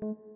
Thank you.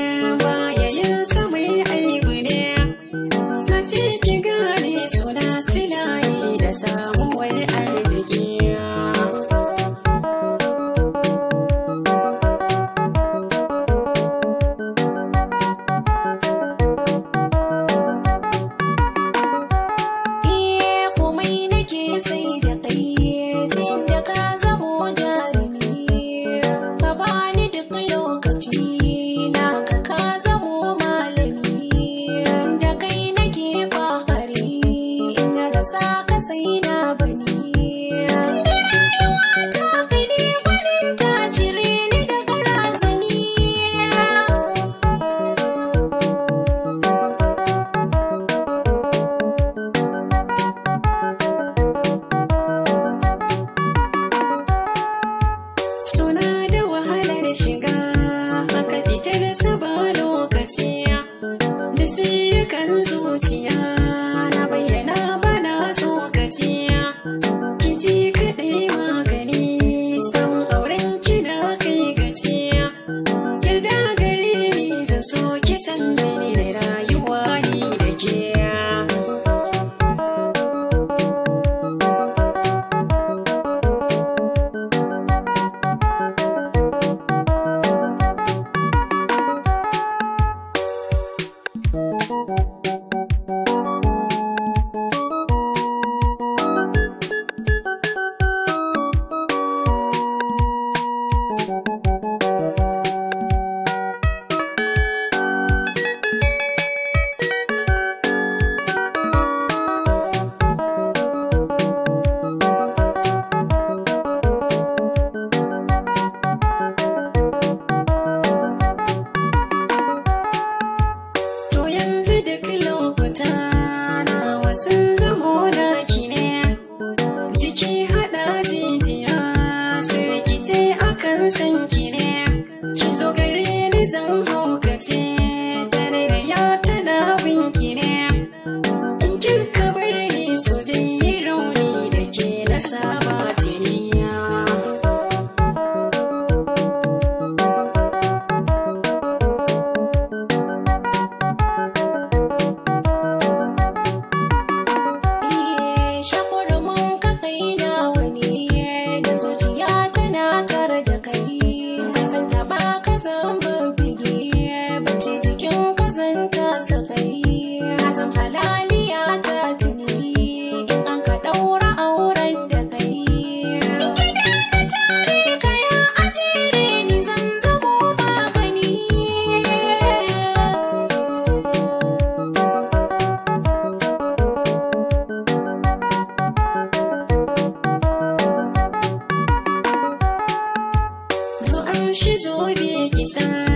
many did I san ki ne ki zo gare ni zan hau ki zo biye ki sa